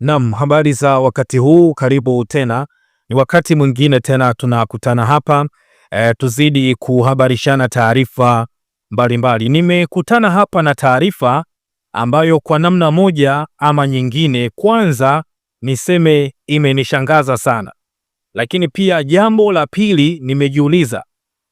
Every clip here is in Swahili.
Naam, habari za wakati huu, karibu tena. Ni wakati mwingine tena tunakutana hapa e, tuzidi kuhabarishana taarifa mbalimbali. Nimekutana hapa na taarifa ambayo kwa namna moja ama nyingine, kwanza niseme imenishangaza sana, lakini pia jambo la pili nimejiuliza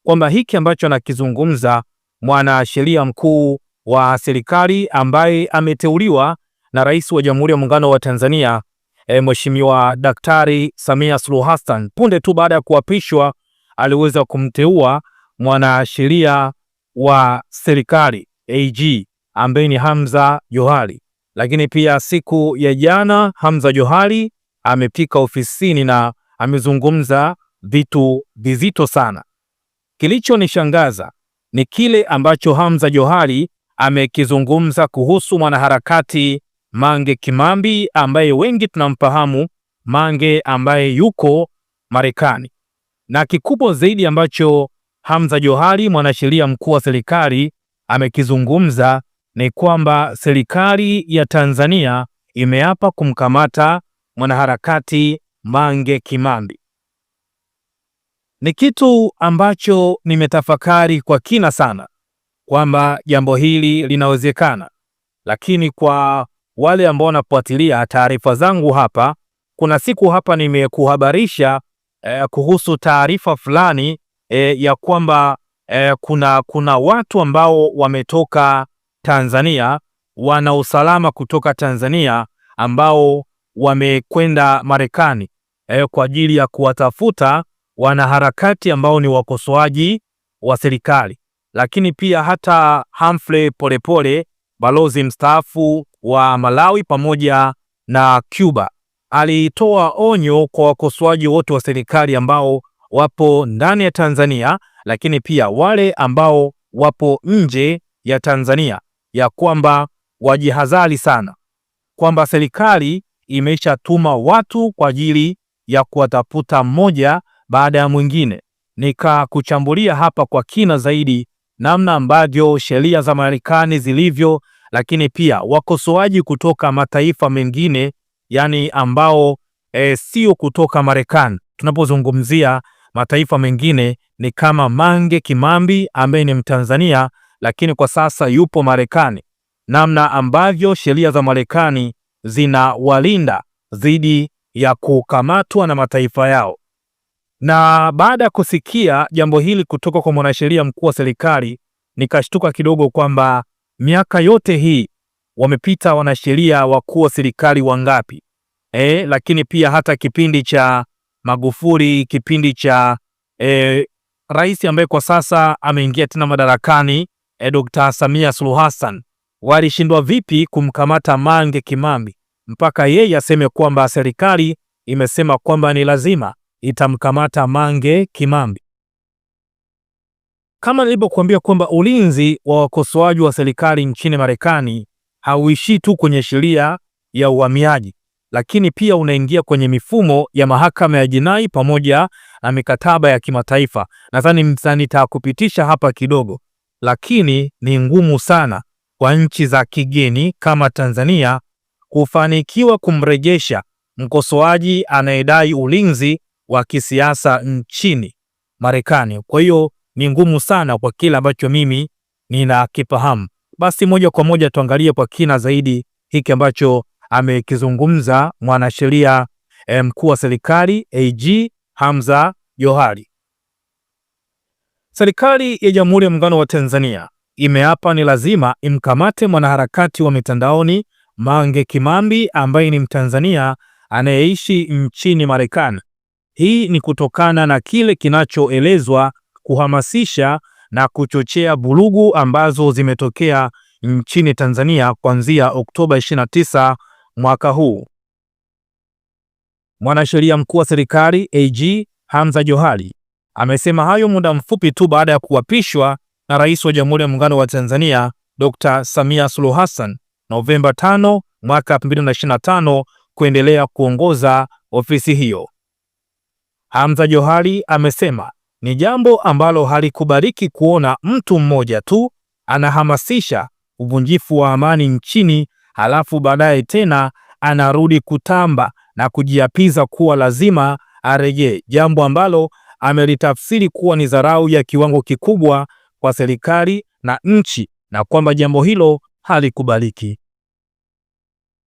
kwamba hiki ambacho anakizungumza mwanasheria mkuu wa serikali ambaye ameteuliwa na Rais wa Jamhuri ya Muungano wa Tanzania e, Mheshimiwa Daktari Samia Suluhu Hassan punde tu baada ya kuapishwa aliweza kumteua mwanasheria wa serikali AG ambaye ni Hamza Johari. Lakini pia siku ya jana Hamza Johari amepika ofisini na amezungumza vitu vizito sana. Kilichonishangaza ni kile ambacho Hamza Johari amekizungumza kuhusu mwanaharakati Mange Kimambi ambaye wengi tunamfahamu Mange ambaye yuko Marekani, na kikubwa zaidi ambacho Hamza Johari mwanasheria mkuu wa serikali amekizungumza ni kwamba serikali ya Tanzania imeapa kumkamata mwanaharakati Mange Kimambi. Ni kitu ambacho nimetafakari kwa kina sana kwamba jambo hili linawezekana, lakini kwa wale ambao wanafuatilia taarifa zangu hapa, kuna siku hapa nimekuhabarisha eh, kuhusu taarifa fulani eh, ya kwamba eh, kuna, kuna watu ambao wametoka Tanzania wana usalama kutoka Tanzania ambao wamekwenda Marekani eh, kwa ajili ya kuwatafuta wanaharakati ambao ni wakosoaji wa serikali, lakini pia hata Humphrey Polepole balozi mstaafu wa Malawi pamoja na Cuba. Alitoa onyo kwa wakosoaji wote wa serikali ambao wapo ndani ya Tanzania, lakini pia wale ambao wapo nje ya Tanzania ya kwamba wajihadhari sana, kwamba serikali imeshatuma watu kwa ajili ya kuwatafuta mmoja baada ya mwingine. Nikakuchambulia hapa kwa kina zaidi namna ambavyo sheria za Marekani zilivyo lakini pia wakosoaji kutoka mataifa mengine yani ambao e, sio kutoka Marekani. Tunapozungumzia mataifa mengine ni kama Mange Kimambi ambaye ni Mtanzania lakini kwa sasa yupo Marekani, namna ambavyo sheria za Marekani zinawalinda dhidi ya kukamatwa na mataifa yao. Na baada ya kusikia jambo hili kutoka kwa mwanasheria mkuu wa serikali, nikashtuka kidogo kwamba Miaka yote hii wamepita wanasheria wakuu wa serikali wangapi? E, lakini pia hata kipindi cha Magufuli, kipindi cha e, rais ambaye kwa sasa ameingia tena madarakani e, Dr. Samia Suluhu Hassan walishindwa vipi kumkamata Mange Kimambi mpaka yeye aseme kwamba serikali imesema kwamba ni lazima itamkamata Mange Kimambi? Kama nilivyokuambia kwamba ulinzi wa wakosoaji wa serikali nchini Marekani hauishii tu kwenye sheria ya uhamiaji, lakini pia unaingia kwenye mifumo ya mahakama ya jinai pamoja na mikataba ya kimataifa. Nadhani nitakupitisha hapa kidogo, lakini ni ngumu sana kwa nchi za kigeni kama Tanzania kufanikiwa kumrejesha mkosoaji anayedai ulinzi wa kisiasa nchini Marekani. Kwa hiyo ni ngumu sana kwa kile ambacho mimi ninakifahamu. Basi moja kwa moja tuangalie kwa kina zaidi hiki ambacho amekizungumza mwanasheria eh, mkuu wa serikali AG Hamza Johari. Serikali ya Jamhuri ya Muungano wa Tanzania imeapa ni lazima imkamate mwanaharakati wa mitandaoni Mange Kimambi ambaye ni Mtanzania anayeishi nchini Marekani. Hii ni kutokana na kile kinachoelezwa kuhamasisha na kuchochea vurugu ambazo zimetokea nchini Tanzania kuanzia Oktoba 29 mwaka huu. Mwanasheria mkuu wa serikali AG Hamza Johari amesema hayo muda mfupi tu baada ya kuapishwa na Rais wa Jamhuri ya Muungano wa Tanzania Dr. Samia Suluhu Hassan Novemba 5 mwaka 2025 kuendelea kuongoza ofisi hiyo. Hamza Johari amesema ni jambo ambalo halikubaliki kuona mtu mmoja tu anahamasisha uvunjifu wa amani nchini, halafu baadaye tena anarudi kutamba na kujiapiza kuwa lazima arejee, jambo ambalo amelitafsiri kuwa ni dharau ya kiwango kikubwa kwa serikali na nchi, na kwamba jambo hilo halikubaliki.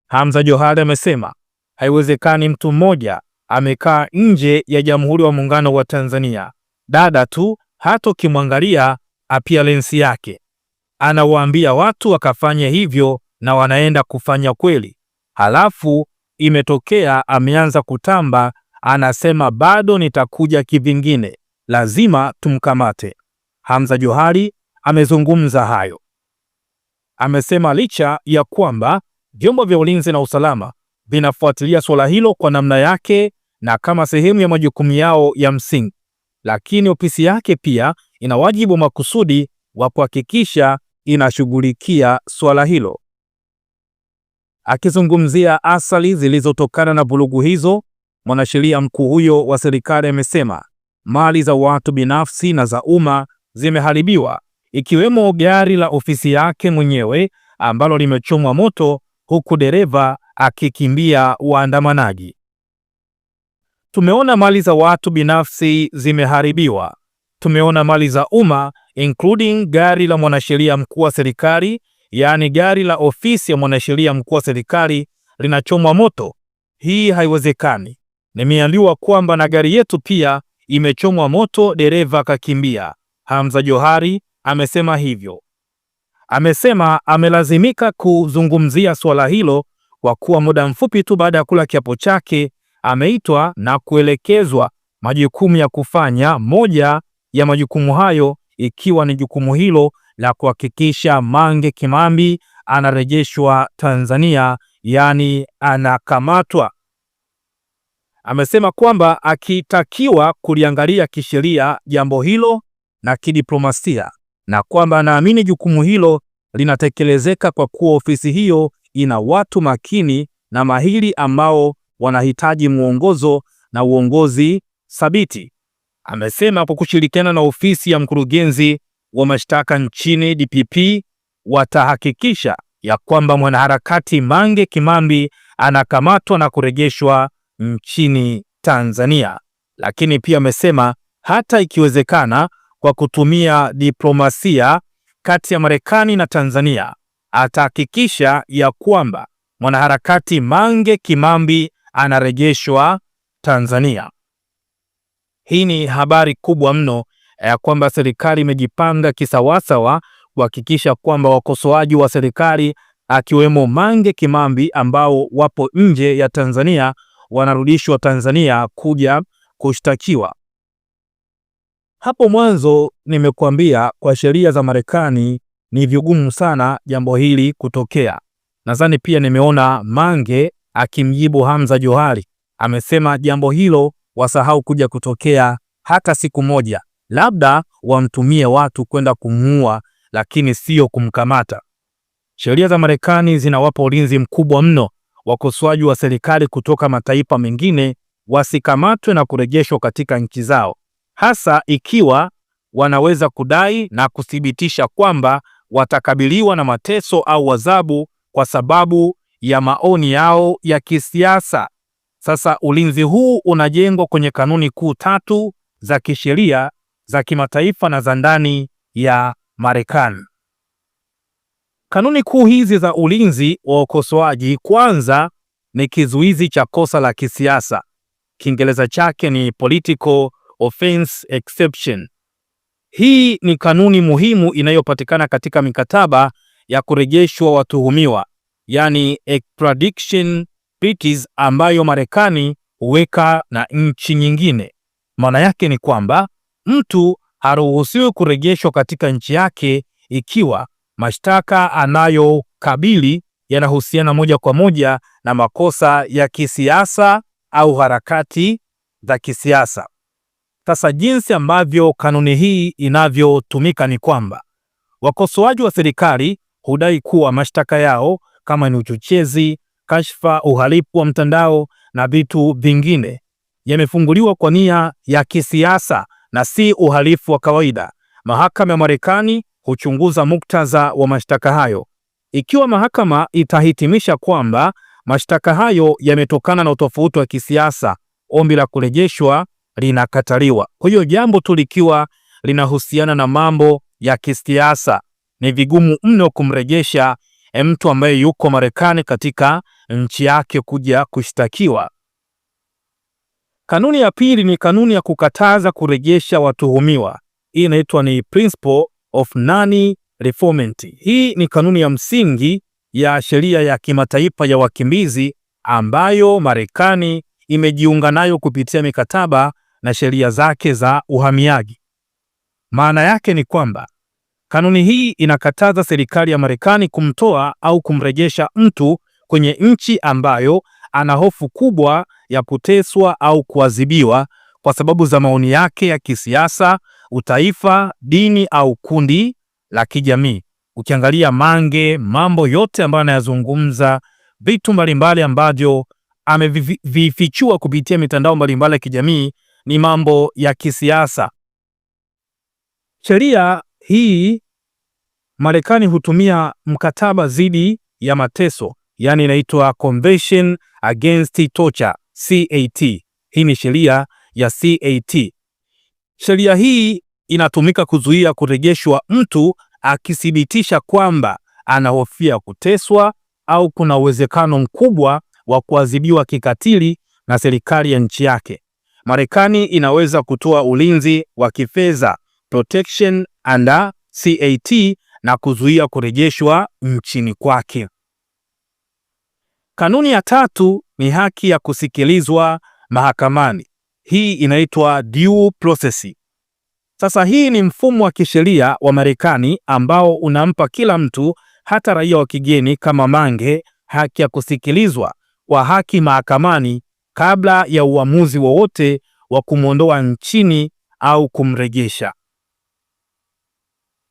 Hamza Johari amesema haiwezekani mtu mmoja amekaa nje ya Jamhuri ya Muungano wa Tanzania dada tu, hata ukimwangalia appearance yake. Anawaambia watu wakafanye hivyo na wanaenda kufanya kweli. Halafu imetokea ameanza kutamba, anasema bado nitakuja kivingine, lazima tumkamate. Hamza Johari amezungumza hayo, amesema licha ya kwamba vyombo vya ulinzi na usalama vinafuatilia suala hilo kwa namna yake na kama sehemu ya majukumu yao ya msingi lakini ofisi yake pia ina wajibu makusudi wa kuhakikisha inashughulikia swala hilo. Akizungumzia athari zilizotokana na vurugu hizo, mwanasheria mkuu huyo wa serikali amesema mali za watu binafsi na za umma zimeharibiwa, ikiwemo gari la ofisi yake mwenyewe ambalo limechomwa moto huku dereva akikimbia waandamanaji. Tumeona mali za watu binafsi zimeharibiwa. Tumeona mali za umma including gari la mwanasheria mkuu wa serikali, yaani gari la ofisi ya mwanasheria mkuu wa serikali linachomwa moto. Hii haiwezekani. Nimeambiwa kwamba na gari yetu pia imechomwa moto, dereva akakimbia. Hamza Johari amesema hivyo. Amesema amelazimika kuzungumzia suala hilo kwa kuwa muda mfupi tu baada ya kula kiapo chake ameitwa na kuelekezwa majukumu ya kufanya, moja ya majukumu hayo ikiwa ni jukumu hilo la kuhakikisha Mange Kimambi anarejeshwa Tanzania, yaani anakamatwa. Amesema kwamba akitakiwa kuliangalia kisheria jambo hilo na kidiplomasia, na kwamba anaamini jukumu hilo linatekelezeka kwa kuwa ofisi hiyo ina watu makini na mahiri ambao wanahitaji mwongozo na uongozi thabiti, amesema. Kwa kushirikiana na ofisi ya mkurugenzi wa mashtaka nchini DPP, watahakikisha ya kwamba mwanaharakati Mange Kimambi anakamatwa na kurejeshwa nchini Tanzania, lakini pia amesema hata ikiwezekana kwa kutumia diplomasia kati ya Marekani na Tanzania atahakikisha ya kwamba mwanaharakati Mange Kimambi anarejeshwa Tanzania. Hii ni habari kubwa mno eh, ya kwamba serikali imejipanga kisawasawa kuhakikisha kwamba wakosoaji wa serikali akiwemo Mange Kimambi ambao wapo nje ya Tanzania wanarudishwa Tanzania kuja kushtakiwa. Hapo mwanzo nimekuambia kwa sheria za Marekani ni vigumu sana jambo hili kutokea. Nadhani pia nimeona Mange akimjibu Hamza Johari amesema jambo hilo wasahau kuja kutokea hata siku moja, labda wamtumie watu kwenda kumuua, lakini sio kumkamata. Sheria za Marekani zinawapa ulinzi mkubwa mno wakosoaji wa serikali kutoka mataifa mengine wasikamatwe na kurejeshwa katika nchi zao, hasa ikiwa wanaweza kudai na kuthibitisha kwamba watakabiliwa na mateso au adhabu kwa sababu ya maoni yao ya kisiasa. Sasa ulinzi huu unajengwa kwenye kanuni kuu tatu za kisheria za kimataifa na za ndani ya Marekani. Kanuni kuu hizi za ulinzi wa ukosoaji, kwanza ni kizuizi cha kosa la kisiasa. Kiingereza chake ni political offense exception. Hii ni kanuni muhimu inayopatikana katika mikataba ya kurejeshwa watuhumiwa yani extradition treaties ambayo Marekani huweka na nchi nyingine. Maana yake ni kwamba mtu haruhusiwi kurejeshwa katika nchi yake ikiwa mashtaka anayokabili yanahusiana moja kwa moja na makosa ya kisiasa au harakati za kisiasa. Sasa jinsi ambavyo kanuni hii inavyotumika ni kwamba wakosoaji wa serikali hudai kuwa mashtaka yao kama ni uchochezi, kashfa, uhalifu wa mtandao na vitu vingine, yamefunguliwa kwa nia ya kisiasa na si uhalifu wa kawaida. Mahakama ya Marekani huchunguza muktadha wa mashtaka hayo. Ikiwa mahakama itahitimisha kwamba mashtaka hayo yametokana na utofauti wa kisiasa, ombi la kurejeshwa linakataliwa. Kwa hiyo jambo tu likiwa linahusiana na mambo ya kisiasa, ni vigumu mno kumrejesha mtu ambaye yuko Marekani katika nchi yake kuja kushtakiwa. Kanuni ya pili ni kanuni ya kukataza kurejesha watuhumiwa. Hii inaitwa ni principle of non-refoulement. Hii ni kanuni ya msingi ya sheria ya kimataifa ya wakimbizi ambayo Marekani imejiunga nayo kupitia mikataba na sheria zake za uhamiaji. Maana yake ni kwamba Kanuni hii inakataza serikali ya Marekani kumtoa au kumrejesha mtu kwenye nchi ambayo ana hofu kubwa ya kuteswa au kuadhibiwa kwa sababu za maoni yake ya kisiasa, utaifa, dini au kundi la kijamii. Ukiangalia Mange, mambo yote ambayo anayazungumza, vitu mbalimbali ambavyo amevifichua kupitia mitandao mbalimbali ya kijamii ni mambo ya kisiasa. Sheria hii Marekani hutumia mkataba dhidi ya mateso, yani inaitwa Convention Against Torture, CAT. Hii ni sheria ya CAT. Sheria hii inatumika kuzuia kurejeshwa mtu akithibitisha kwamba anahofia kuteswa au kuna uwezekano mkubwa wa kuadhibiwa kikatili na serikali ya nchi yake. Marekani inaweza kutoa ulinzi wa kifedha protection under CAT na kuzuia kurejeshwa nchini kwake. Kanuni ya tatu ni haki ya kusikilizwa mahakamani. Hii inaitwa due process. Sasa hii ni mfumo wa kisheria wa Marekani ambao unampa kila mtu, hata raia wa kigeni kama Mange, haki ya kusikilizwa kwa haki mahakamani kabla ya uamuzi wowote wa kumwondoa nchini au kumrejesha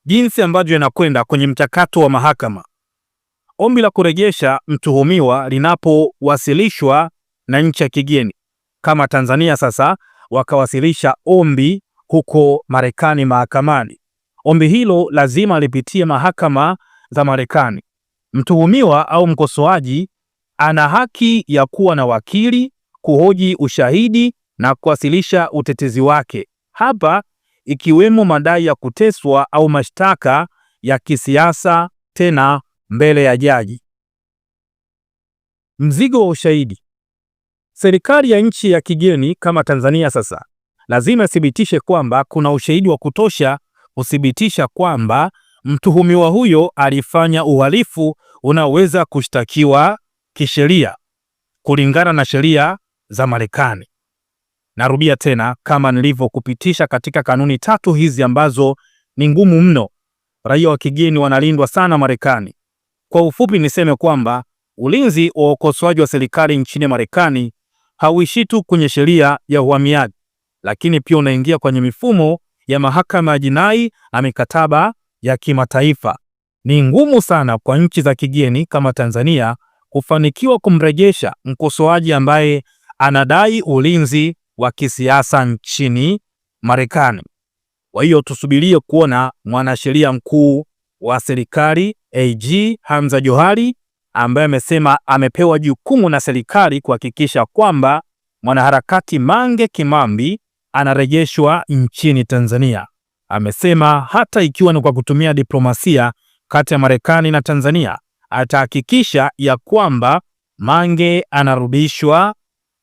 jinsi ambavyo yanakwenda kwenye mchakato wa mahakama. Ombi la kurejesha mtuhumiwa linapowasilishwa na nchi ya kigeni kama Tanzania, sasa wakawasilisha ombi huko Marekani mahakamani, ombi hilo lazima lipitie mahakama za Marekani. Mtuhumiwa au mkosoaji ana haki ya kuwa na wakili, kuhoji ushahidi na kuwasilisha utetezi wake. Hapa ikiwemo madai ya kuteswa au mashtaka ya kisiasa tena mbele ya jaji. Mzigo wa ushahidi. Serikali ya nchi ya kigeni kama Tanzania sasa lazima ithibitishe kwamba kuna ushahidi wa kutosha kuthibitisha kwamba mtuhumiwa huyo alifanya uhalifu unaoweza kushtakiwa kisheria kulingana na sheria za Marekani. Narudia tena kama nilivyokupitisha katika kanuni tatu hizi ambazo ni ngumu mno. Raia wa kigeni wanalindwa sana Marekani. Kwa ufupi, niseme kwamba ulinzi wa ukosoaji wa serikali nchini Marekani hauishi tu kwenye sheria ya uhamiaji, lakini pia unaingia kwenye mifumo ya mahakama ya jinai na mikataba ya kimataifa. Ni ngumu sana kwa nchi za kigeni kama Tanzania kufanikiwa kumrejesha mkosoaji ambaye anadai ulinzi wa kisiasa nchini Marekani. Kwa hiyo tusubirie kuona mwanasheria mkuu wa serikali AG Hamza Johari ambaye amesema amepewa jukumu na serikali kuhakikisha kwamba mwanaharakati Mange Kimambi anarejeshwa nchini Tanzania. Amesema hata ikiwa ni kwa kutumia diplomasia kati ya Marekani na Tanzania, atahakikisha ya kwamba Mange anarudishwa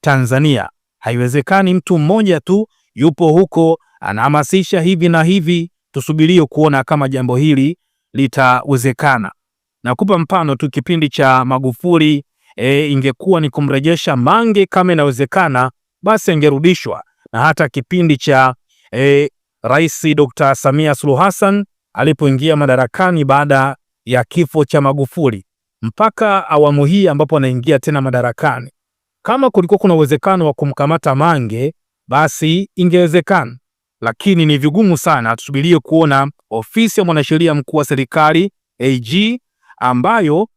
Tanzania. Haiwezekani mtu mmoja tu yupo huko anahamasisha hivi na hivi, tusubirie kuona kama jambo hili litawezekana. Nakupa mfano tu, kipindi cha Magufuli e, ingekuwa ni kumrejesha Mange kama inawezekana, basi angerudishwa na hata kipindi cha e, Rais Dr. Samia Suluhu Hassan alipoingia madarakani baada ya kifo cha Magufuli mpaka awamu hii ambapo anaingia tena madarakani kama kulikuwa kuna uwezekano wa kumkamata Mange, basi ingewezekana, lakini ni vigumu sana. Tusubirie kuona ofisi ya mwanasheria mkuu wa serikali AG, ambayo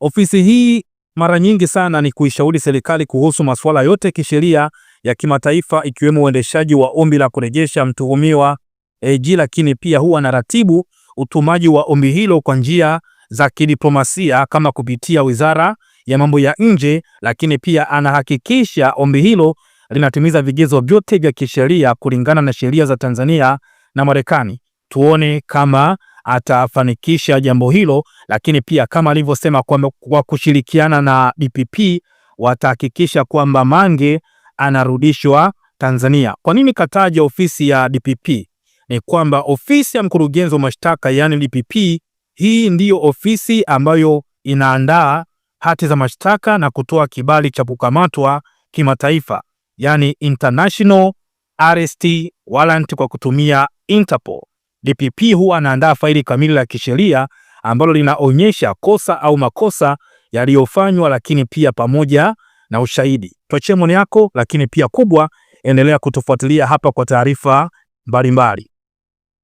ofisi hii mara nyingi sana ni kuishauri serikali kuhusu masuala yote ya kisheria ya kimataifa ikiwemo uendeshaji wa ombi la kurejesha mtuhumiwa AG, lakini pia huwa na ratibu utumaji wa ombi hilo kwa njia za kidiplomasia kama kupitia wizara ya mambo ya nje, lakini pia anahakikisha ombi hilo linatimiza vigezo vyote vya kisheria kulingana na sheria za Tanzania na Marekani. Tuone kama atafanikisha jambo hilo, lakini pia kama alivyosema kwa kushirikiana na DPP watahakikisha kwamba Mange anarudishwa Tanzania. Kwa nini kataja ofisi ya DPP? Ni kwamba ofisi ya mkurugenzi wa mashtaka yani DPP, hii ndiyo ofisi ambayo inaandaa hati za mashtaka na kutoa kibali cha kukamatwa kimataifa, yani international arrest warrant, kwa kutumia Interpol. DPP huwa anaandaa faili kamili la kisheria ambalo linaonyesha kosa au makosa yaliyofanywa, lakini pia pamoja na ushahidi. Tuachie maoni yako, lakini pia kubwa, endelea kutufuatilia hapa kwa taarifa mbalimbali.